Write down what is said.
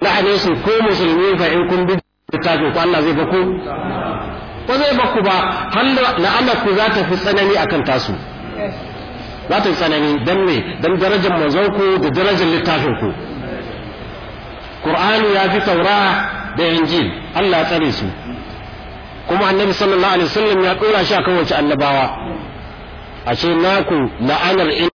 la'ane su ko musulmi fa in kun bi littafin ku Allah zai baku ba zai baku ba har Allah ku za ta fi tsanani akan tasu za ta fi tsanani dan me dan darajar manzon ku da darajar littafin ku Qur'ani ya fi taura da Injil Allah ya tsare su kuma annabi sallallahu alaihi wasallam ya dora shi akan wace annabawa ashe naku la'anar